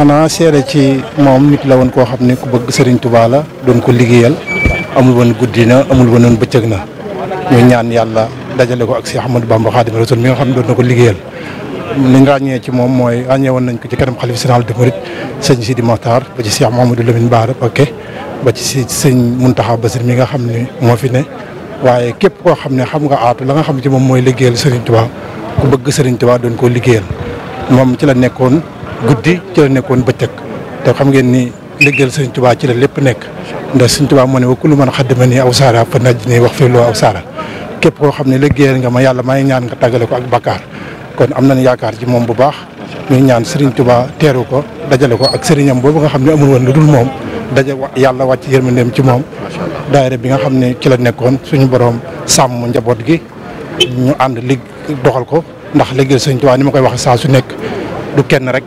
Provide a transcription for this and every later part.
xanaa seere ci moom nit la woon koo xam ne ku bëgg sëriñ tubaa la doon ko liggéeyal amul woon guddi na amul woon bëccëg na ñu ñaan yàlla dajale ko ak Cheikh Ahmadou Bamba Khadim Rasoul mi nga xam ne doon na ko liggéeyal. li nga ràññee ci moom mooy ràññee woon ko ci kanam xalif général des mourides sëñ Sidi Mokhtar ba ci Cheikh Mouhamadou Lamine Bara Mbacké ba ci sëñ Mountakha Bassir mi nga xam ne moo fi ne waaye képp koo xam ne xam nga aatu la nga xam ci moom mooy liggéeyal Serigne tubaa ku bëgg Serigne Touba doon koo liggéeyal moom ci la nekkoon. guddi ci la nekkoon bëccëg te xam ngeen ni liggéeyal sëñ Tuubaa ci la lépp nekk ndax sëñ Tuubaa moo ne wa kullu man xaddama nii aw saara fa naj nii wax fii loo aw képp koo xam ne liggéeyal nga ma yàlla may ñaan nga tàggale ko ak bakkaar kon am nañ yaakaar ci moom bu baax ñuy ñaan Serigne Touba teeru ko dajale ko ak sëriñam boobu nga xam ne amul woon lu dul moom daja yàlla wàcc yërmandeem ci moom daayira bi nga xam ne ci la nekkoon suñu borom sàmm njaboot gi ñu ànd lig doxal ko ndax liggéey Serigne Touba ni ma koy wax saa su nekk du kenn rek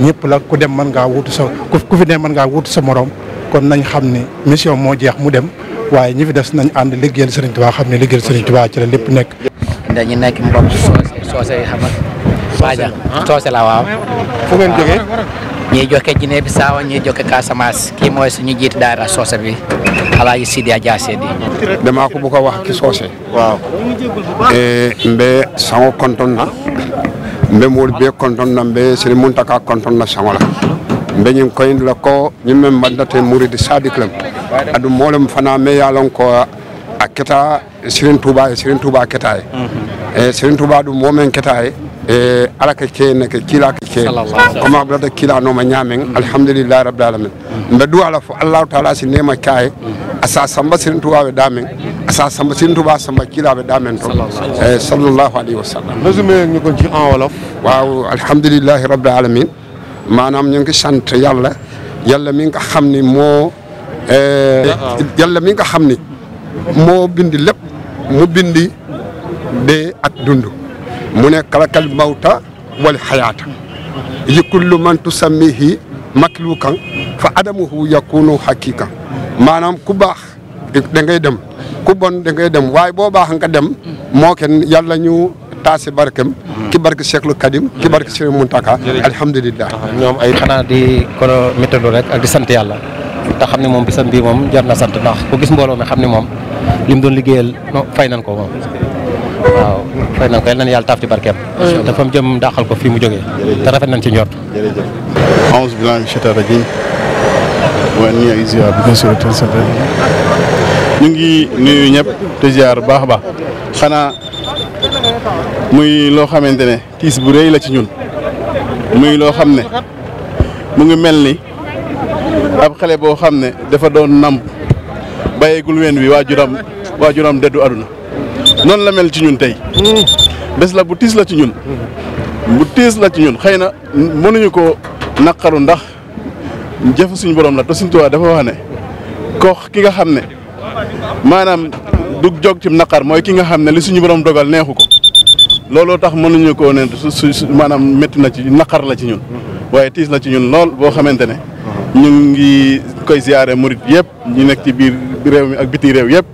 ñëpp la ku dem mën ngaa wuutu sa ku fi dem man ngaa wuutu sa morom kon nañ xam ni mission moo jeex mu dem waaye ñi fi des nañ ànd liggéeyal Serigne Touba xam ne liggéeyal Serigne Touba ci la lépp nekk. dañu nekk mbokk soose yi xam nga. soose la waaw. Ah. fu ngeen jógee. ñiy a Guinée Bissau ñiy jokke Casamance kii mooy suñu jiit daara soose bi Alaaji Sidi Aja Seydi. damaa ko bëgg a wax ci soose. waaw. Eh, mbe sango kontoon na. mbemol be kontonna mbe sere muntaka kontonna sangola mbe ñin koyndila ko ñin men mbandate mouride sadique lam adu molem fana me yalon ko aketa sirin tuba e sirin tuba aketa mhm. e e sirin tuba ɗum momin keta e e ala ka keenne ke kiila ka keen comme abdata kiilanoma ñaamen mhm. alhamdulillahi rabbil alamin mbe mhm. du ala fo allahu taala si nema kaye asa samba sirin tubaɓe ɗamen asa samba sirin tuba samba kiilaɓe ɗamen to e sallllahu alayhi wa sallam résumé ñu ko ci en alhamdulillahi rabbil alamin maanaam ñu ngi sant yàlla yàlla mi nga xam ni moo e ah, ah. yàlla mi nga xam ni moo bindi lépp mu bindi dee ak dund mu ne kalakal mawta wal xayaata yi kullu man tusammihi maklukan fa adamuhu yakunu hakikan maanaam ku baax da ngay dem ku bon da ngay dem waaye boo baax nga dem moo kenn yàlla ñu taasi barkem ki barke Cheikhul Kadim ki barke Serigne Mountakha alhamdulilah ah, ñoom ay xanaa di ko méttalu rek ak di sant yàlla te xam ne moom bisam bii moom jar na sant ndax ku gis mbooloo mi xam ni moom li mu doon liggéeyal non fay nañ ko moom waaw fay nañ ko yal nañ taaf ci barkeem te fa mu jëm dàqal ko fi mu jógee te rafet nañ ci njort jërëjëf aouzu billahi mina shaytaani rajiim wa anniya izia bi ko sura tan sata ngi nuyu ñëpp te ziar baax a baax xanaa muy loo xamante ne tiis bu rëy la ci ñun muy loo xam ne mu ngi mel ni ab xale boo xam ne dafa doon namp bàyyeegul ween wi waajuram waajuram deddu aduna noonu la mel ci ñun tey bés la bu tiis la ci ñun bu tiis la ci ñun xëy na mënuñu ko naqaru ndax jëf suñu borom la te suñu Tuubaa dafa wax ne ko ki nga xam ne maanaam du jóg ci naqar mooy ki nga xam ne li suñu borom dogal neexu ko looloo tax mënuñu ko ne su maanaam métti na ci naqar la ci ñun waaye tiis la ci ñun lool boo xamante ne ñu ngi koy ziare murit yëpp ñu nekk ci biir réew mi ak biti réew yëpp.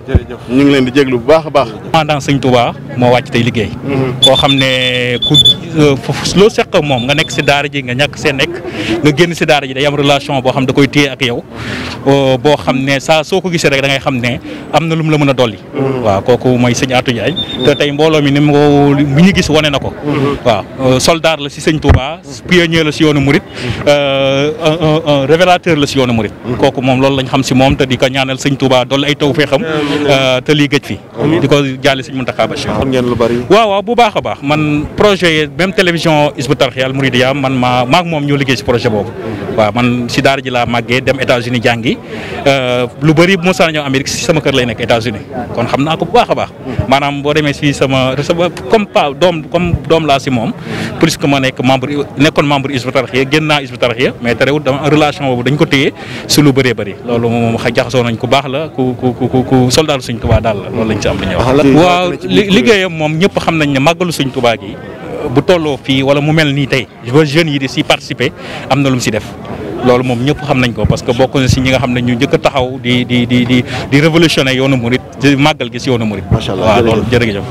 ñu ngi leen di jéglu bu baax a baax. commandant sëñ Touba moo wàcc tey liggéey. Mhm. koo xam ne ku euh, loo seq moom nga nekk si daara ji nga ñàkk see nekk nga génn si daara ji day am relation boo xam da koy téye ak yow euh, boo xam ne saa soo ko gisee rek da ngay xam ne am na lu la mën a dolli. Mhm. waaw kooku mooy sëñ Atou Diagne. te tey mbooloo mi ni mu mi ñu gis wane na ko. Mhm. waaw euh, soldat la si sëñ Touba pionnier la si yoonu murit révélateur la si yoonu murit. kooku moom loolu lañ xam si moom te di ko ñaanal sëñ Touba dool ay taw fee xam te lii gëj fi di ko jaale sëñ Mountakha Bachir waaw waaw bu baax a baax man projet même télévision Hizbut Tarqiyyah Al Mouridiyyah man maa maak moom ñoo liggéey si projet boobu waaw man si daara ji laa màggee dem États-Unis jàngi euh, lu bëri bu a mais terewul dama relation boobu dañ ko téye lu bëree bëri loolu moom xa jaxasoo nañ ku baax la ku ku ku ku soldaal Sëñ Tuubaa daal la loolu lañ ci am li ñëw waaw liggéeyam moom ñëpp xam nañ ne màggalu Sëñ Tuubaa gi bu tolloo fii wala mu mel nii tey ba jeunes yi di si participer am na lu si def loolu moom ñëpp xam nañ ko parce que bokk na si ñi nga ne ñu njëkk a taxaw di di di di di révolutionner yoonu murit di màggal gi si yoonu murit. macha allah waaw loolu jërëjëf.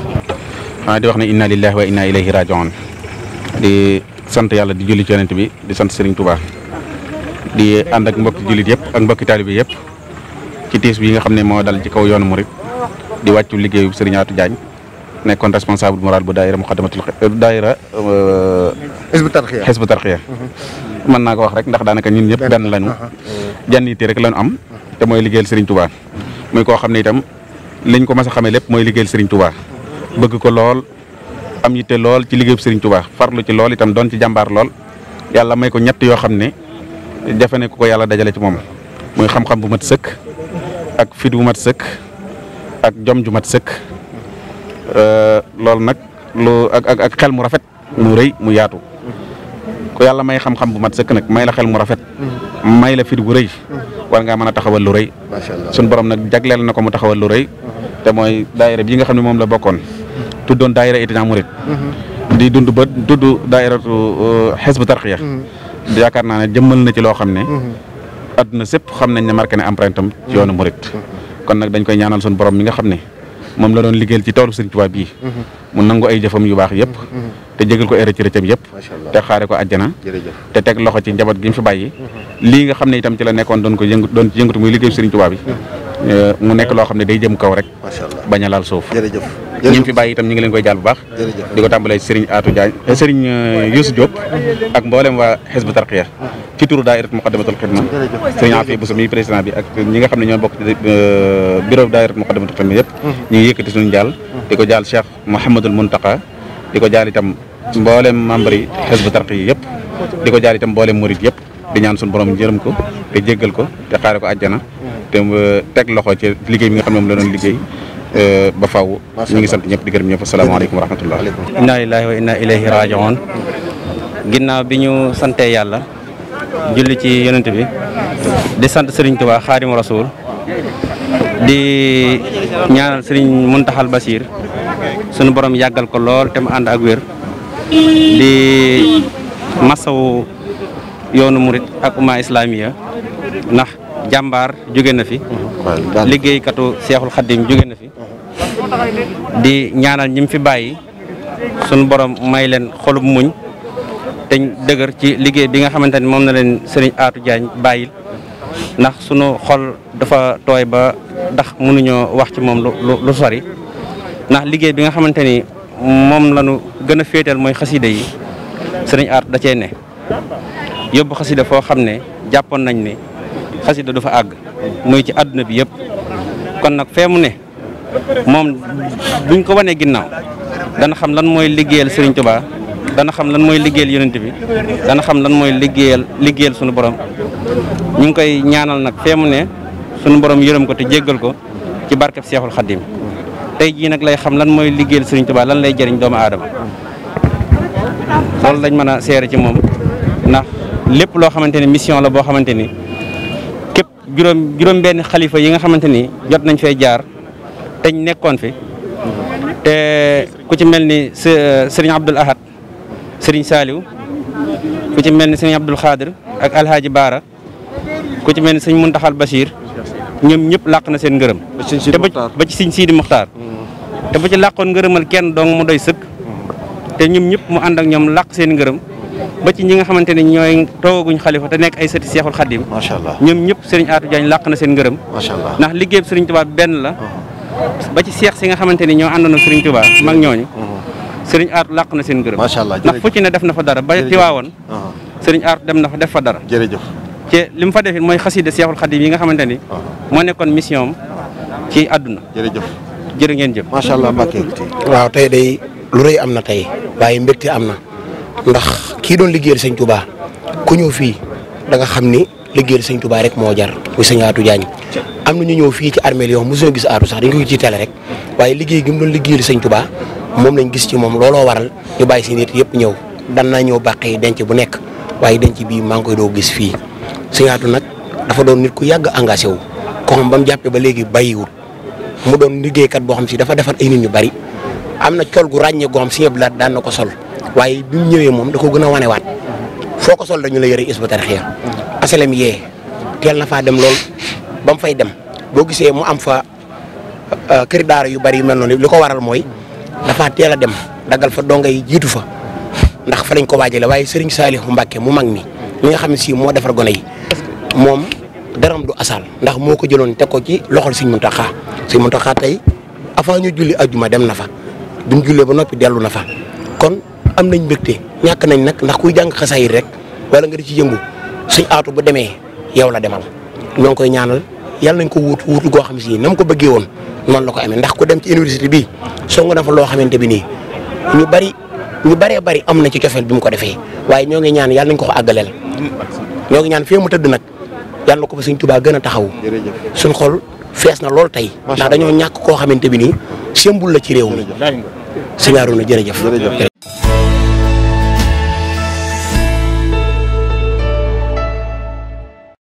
ah di wax ne inna lillahi wa inna ilayhi rajiun di sant yàlla di julli ci bi di sant Serigne Touba. di ànd ak mbokki jullit yëpp ak mbokki taalibe yëpp ci tiis bi nga xam ne moo dal ci kaw yoonu murit di wàccu liggéeyu Serigne Atou Diagne nekkoon responsable moral bu daayira Muqaddamatul euh, daayira Hizbu Tarxiya Hizbu Tarxiya mën naa ko wax rek ndax daanaka ñun ñëpp benn lañu uh-huh. jànnite rek lañu am te mooy liggéeyal Serigne Touba muy koo xam ne itam liñ ko mas a xamee lépp mooy liggéeyal Serigne Touba bëgg ko lool am yitte lool ci liggéeyu Serigne Touba farlu ci lool itam doon ci jàmbaar lool yàlla may ko ñett yoo xam ne jafe ne ku ko yàlla dajale ci moom muy xam-xam bu mat sëkk ak fit bu mat sëkk ak jom ju mat sëkk euh, loolu nag lu ak xel mu rafet mu rëy mu yaatu ku yàlla may xam-xam bu mat sëkk nag may la xel mu rafet may la fit bu rëy war ngaa mën a taxawal lu rëy suñ borom nag jagleel na ko mu taxawal lu rëy te mooy daayira bi nga xam ne moom la bokkoon tuddoon daayira étudiant murid mhm. di dund ba tudd daayiratu xisbu euh, tarxiya mhm. yaakaar naa ne jëmmal na ci loo xam ne mhm. adduna sépp xam nañ ne marqué ne empreinte am ci yoonu murit mhm. mhm. kon nag dañ koy ñaanal suñu borom mi nga xam ne moom la doon liggéeyal ci toolu Sëriñ Tuubaa bii mu nangu ay jëfam yu baax yëpp te jégal ko ay rëcc rëccam xaare ko àjjana te teg loxo ci njaboot gi mu fi bàyyi lii nga xam ne itam ci la nekkoon doon ko yëngu doon ci yëngatu muy liggéeyu Sëriñ Tuubaa euh, nekk loo xam ne day jëm kaw rek bañ a laal suuf jërëjëf ñi fi bàyyi itam ñu ngi leen koy jaal bu baax di ko tàmbalee Serigne Atou Diagne eh, eh, Serigne Youssou ak mboolem waa Hizbut Tarqiyyah ci turu daayiratu Muqaddamatul Xidma Serigne Afi Bousso mi président bi ak ñi nga xam ne ñoo bokk ci eh, bureau daayiratu Muqaddamatul Xidma yëpp mm-hmm. ñu ngi yëkkati suñ jaal di ko jaal Cheikh Mouhamadul Muntaka di ko jaal itam mboolem membre yi Hizbut Tarqiyyah yëpp di ko jaal itam mboolem murid yëpp di ñaan suñu borom jërëm ko te jéggal ko te xaare ko àjjana te teg loxo ci liggéey bi nga xam ne moom la doon liggéey Euh, ba faw ñu ngi sant ñëpp di gërëm ñëpp asalaamaaleykum wa rahmatullah inna lillahi wa inna ilayhi rajiun ginnaaw bi ñu santee yàlla julli ci yonent bi di sant sëriñ Tuubaa xaadimu rasuul di ñaanal sëriñ Muntaxal Basiir sunu borom yàggal ko lool te mu ànd ak wér di masawu yoonu murit ak umma islamiya ndax jàmbaar jóge na fi liggéeykatu seexul xaddim jóge na fi di ñaanal ñi mu fi bàyyi suñu borom may leen xolub muñ te dëgër ci liggéey bi nga xamante ni moom na leen sëriñ Atou Diagne bàyyil ndax sunu xol dafa tooy ba ndax mënuñoo wax ci moom ndax liggéey bi nga xamante ni moom la ñu gën a féetal mooy xasida yi sëriñ Atou da cee ne yóbbu xasida foo xam ne jàppoon nañ ne da du fa àgg muy ci àdduna bi yëpp kon nag fee mu ne moom buñ ko wanee ginnaaw dana xam lan mooy liggéeyal Serigne Touba dana xam lan mooy liggéeyal yonent bi dana xam lan mooy liggéeyal liggéeyal sunu borom ñu ngi koy ñaanal nag fee mu ne sunu borom yërëm ko te jéggal ko ci barkeb Seexul Xaddim tey jii nag lay xam lan mooy liggéeyal Serigne Touba lan lay jëriñ doomu aadama loolu lañ mën a seere ci moom ndax lépp loo xamante mission la boo xamante juróom juróom xalifa yi nga xamante ni jot nañ fee jaar te nekkoon fi te ku ci mel ni sëriñ euh, Abdul Ahad sëriñ Saaliw ku ci mel ni sëriñ Abdul Xaadir ak Alhaaji Baara ku ci mel ni sëriñ Muntaxal Bachir ñoom ñëpp làq na seen ngërëm. ba ci sëriñ Siidi Muxtaar te bu ci làqoon ngërëmal kenn dong mu doy sëkk mm. te ñoom ñëpp mu ànd ak ñoom làq seen ngërëm. ba ci ñi nga xamante ne ñooy toogaguñ xalifa te nekk ay sëti seexul xaddim macha allah ñoom ñëpp sëriñ Atou Diagne làq na seen ngërëm macha allah ndax liggéeyam sëriñ Touba benn la ba ci seex si nga xamante ne ñoo àndoon ak sëriñ Touba mag ñooñu mm-hmm. sëriñ Atou làq na seen ngërëm macha allah ndax fu ci def na fa dara ba tiwaawoon uh-huh. sëriñ Atou dem na fa dara fa dara jërëjëf ci li mu fa defit mooy xasida seexul xaddim yi nga xamante ni uh-huh. moo nekkoon mission ci àdduna jërë ngeen jëf macha allah Mbacke waaw tey day lu am na tey waaye mbégte am na ndax kii doon liggéeyal sëñ Touba ku ñëw fii danga xam ni liggéeyal sëñ Touba rek moo jar muy sëñ Atou Diagne am na ñu ñëw fii ci armée yoo mosuñu gis Atou sax dañ ko ci télé rek waaye liggéey gi mu doon liggéeyal sëñ Touba moom lañ gis ci moom looloo waral ñu bàyyi si nit yëpp ñëw dan naa ñëw bàqee denc bu nekk waaye denc bii maa ngi koy doo gis fii sëñ nag dafa doon nit ku yàgg engagé wu ko xam ba mu jàppee ba léegi bàyyiwul mu doon liggéeykat boo xam si dafa defar ay nit ñu bari am na col gu ràññee goo xam si yëpp daan na ko sol waaye bi mu ñëwee moom da ko gën a wanewaat foo ko sol dañu la yore is bu tarxiya asalem yee teel na faa dem lool ba mu fay dem boo gisee mu am fa euh, kër daara yu bari yu mel noonu lu ko waral mooy dafa teel a dem daggal fa donga yi jiitu fa ndax fa lañ ko waajale waaye Serigne Saliou Mbacke mu mag mi mi nga xam ne moo defar gone yi moom daram du asal ndax moo ko jëloon teg ko ci loxol si Serigne Mountakha Serigne Mountakha tey avant ñu julli ajjuma dem na fa bi mu ba noppi dellu na fa am nañ mbégte ñàkk nañ nag ndax kuy jàng xasaayit rek wala nga di ci yëngu suñ aatu bu demee yow la demal ñoo koy ñaanal yàlla nañ ko wut wuutu goo xam si na mu ko bëggee woon noonu la ko amee ndax ku dem ci université bi song na fa loo xamante bi nii ñu bari ñu baree bari am na ci cofeel bi mu ko defee waaye ñoo ngi ñaan yàlla nañ ko ko àggaleel ñoo ngi ñaan mu tëdd nag yàlla na ko suñ tubaa gën a taxawu suñ xol fees na lool tey ndax dañoo ñàkk koo xamante bi nii sembul la ci réew mi